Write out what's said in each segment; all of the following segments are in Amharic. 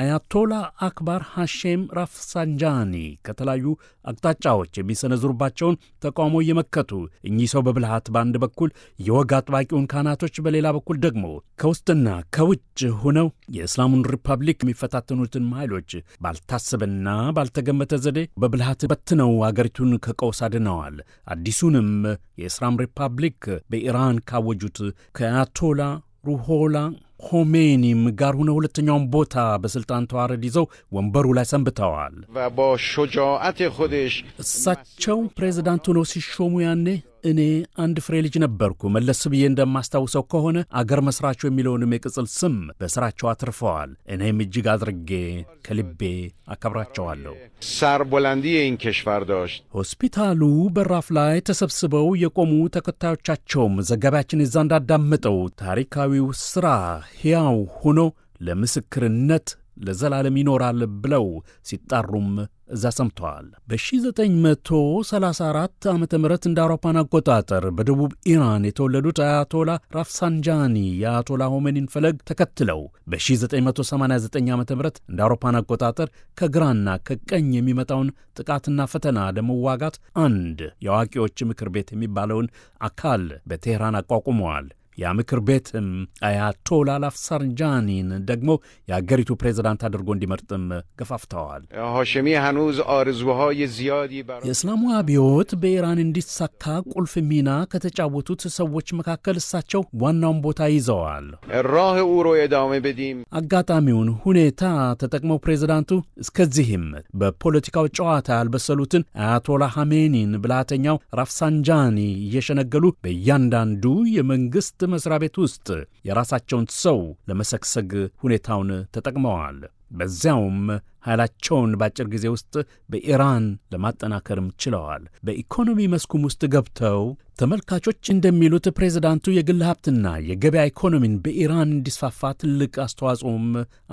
አያቶላ አክባር ሐሼም ራፍሳንጃኒ ከተለያዩ አቅጣጫዎች የሚሰነዝሩባቸውን ተቃውሞ እየመከቱ እኚህ ሰው በብልሃት በአንድ በኩል የወግ አጥባቂውን ካህናቶች፣ በሌላ በኩል ደግሞ ከውስጥና ከውጭ ሆነው የእስላሙን ሪፐብሊክ የሚፈታተኑትን ኃይሎች ባልታሰበና ባልተገመተ ዘዴ በብልሃት በትነው አገሪቱን ከቀውስ አድነዋል። አዲሱንም የእስላም ሪፐብሊክ በኢራን ካወጁት ከአያቶላ ሩሆላ ሆሜኒም ጋር ሆነው ሁለተኛውን ቦታ በስልጣን ተዋረድ ይዘው ወንበሩ ላይ ሰንብተዋል። እሳቸው ፕሬዚዳንት ሆነው ሲሾሙ ያኔ እኔ አንድ ፍሬ ልጅ ነበርኩ። መለስ ብዬ እንደማስታውሰው ከሆነ አገር መስራቸው የሚለውንም የቅጽል ስም በሥራቸው አትርፈዋል። እኔም እጅግ አድርጌ ከልቤ አከብራቸዋለሁ። ሳር ቦላንዲ ዶሽ ሆስፒታሉ በራፍ ላይ ተሰብስበው የቆሙ ተከታዮቻቸውም ዘጋቢያችን የዛ እንዳዳመጠው ታሪካዊው ሥራ ሕያው ሆኖ ለምስክርነት ለዘላለም ይኖራል ብለው ሲጣሩም እዛ ሰምተዋል። በ1934 ዓ ም እንደ አውሮፓን አቆጣጠር በደቡብ ኢራን የተወለዱት አያቶላ ራፍሳንጃኒ የአያቶላ ሆመኒን ፈለግ ተከትለው በ1989 ዓ ም እንደ አውሮፓን አቆጣጠር ከግራና ከቀኝ የሚመጣውን ጥቃትና ፈተና ለመዋጋት አንድ የአዋቂዎች ምክር ቤት የሚባለውን አካል በቴህራን አቋቁመዋል። የምክር ምክር ቤትም አያቶላ ላፍሳርጃኒን ደግሞ የአገሪቱ ፕሬዚዳንት አድርጎ እንዲመርጥም ገፋፍተዋል። የእስላሙ አብዮት በኢራን እንዲሳካ ቁልፍ ሚና ከተጫወቱት ሰዎች መካከል እሳቸው ዋናውን ቦታ ይዘዋል። አጋጣሚውን ሁኔታ ተጠቅመው ፕሬዚዳንቱ እስከዚህም በፖለቲካው ጨዋታ ያልበሰሉትን አያቶላ ሐሜኒን ብልሃተኛው ራፍሳንጃኒ እየሸነገሉ በእያንዳንዱ የመንግስት መስሪያ ቤት ውስጥ የራሳቸውን ሰው ለመሰግሰግ ሁኔታውን ተጠቅመዋል። በዚያውም ኃይላቸውን በአጭር ጊዜ ውስጥ በኢራን ለማጠናከርም ችለዋል። በኢኮኖሚ መስኩም ውስጥ ገብተው ተመልካቾች እንደሚሉት ፕሬዝዳንቱ የግል ሀብትና የገበያ ኢኮኖሚን በኢራን እንዲስፋፋ ትልቅ አስተዋጽኦም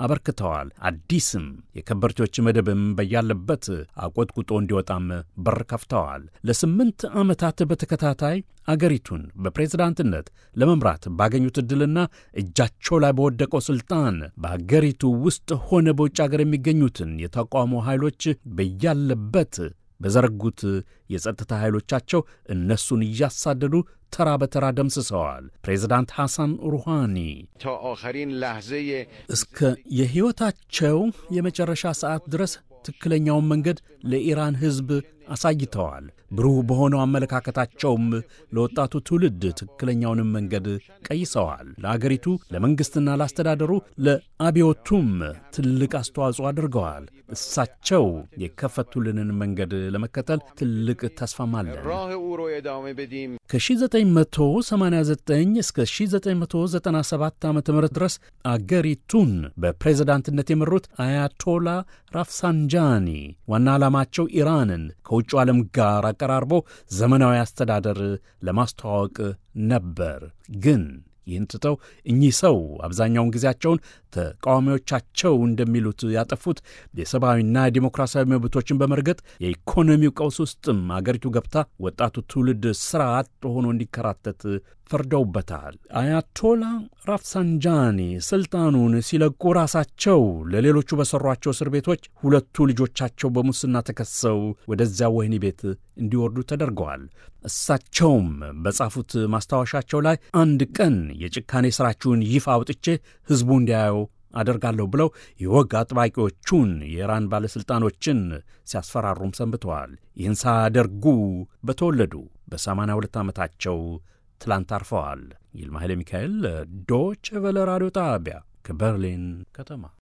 አበርክተዋል። አዲስም የከበርቴዎች መደብም በያለበት አቆጥቁጦ እንዲወጣም በር ከፍተዋል። ለስምንት ዓመታት በተከታታይ አገሪቱን በፕሬዝዳንትነት ለመምራት ባገኙት ዕድልና እጃቸው ላይ በወደቀው ሥልጣን በአገሪቱ ውስጥ ሆነ በውጭ አገር የሚገኙትን የተቃውሞ ኃይሎች በያለበት በዘረጉት የጸጥታ ኃይሎቻቸው እነሱን እያሳደዱ ተራ በተራ ደምስሰዋል። ፕሬዚዳንት ሐሳን ሩሃኒ እስከ የሕይወታቸው የመጨረሻ ሰዓት ድረስ ትክክለኛውን መንገድ ለኢራን ሕዝብ አሳይተዋል። ብሩህ በሆነው አመለካከታቸውም ለወጣቱ ትውልድ ትክክለኛውንም መንገድ ቀይሰዋል። ለአገሪቱ፣ ለመንግሥትና ላስተዳደሩ፣ ለአብዮቱም ትልቅ አስተዋጽኦ አድርገዋል። እሳቸው የከፈቱልንን መንገድ ለመከተል ትልቅ ተስፋም አለን። ከ1989 እስከ 1997 ዓ ም ድረስ አገሪቱን በፕሬዝዳንትነት የመሩት አያቶላ ራፍሳንጃኒ ዋና ዓላማቸው ኢራንን ከውጭ ዓለም ጋር አቀራርቦ ዘመናዊ አስተዳደር ለማስተዋወቅ ነበር ግን ይህን ትተው እኚህ ሰው አብዛኛውን ጊዜያቸውን ተቃዋሚዎቻቸው እንደሚሉት ያጠፉት የሰብአዊና ዲሞክራሲያዊ መብቶችን በመርገጥ የኢኮኖሚው ቀውስ ውስጥም አገሪቱ ገብታ ወጣቱ ትውልድ ስራ አጥ ሆኖ እንዲከራተት ፈርደውበታል። አያቶላ ራፍሳንጃኒ ስልጣኑን ሲለቁ ራሳቸው ለሌሎቹ በሠሯቸው እስር ቤቶች ሁለቱ ልጆቻቸው በሙስና ተከሰው ወደዚያ ወህኒ ቤት እንዲወርዱ ተደርገዋል። እሳቸውም በጻፉት ማስታወሻቸው ላይ አንድ ቀን የጭካኔ ሥራችሁን ይፋ አውጥቼ ሕዝቡ እንዲያየው አደርጋለሁ ብለው የወግ አጥባቂዎቹን የኢራን ባለሥልጣኖችን ሲያስፈራሩም ሰንብተዋል። ይህን ሳያደርጉ በተወለዱ በ ሁለት ዓመታቸው ትላንት አርፈዋል። ይልማ ኃይለ ሚካኤል ዶች ቨለ ራዲዮ ጣቢያ ከበርሊን ከተማ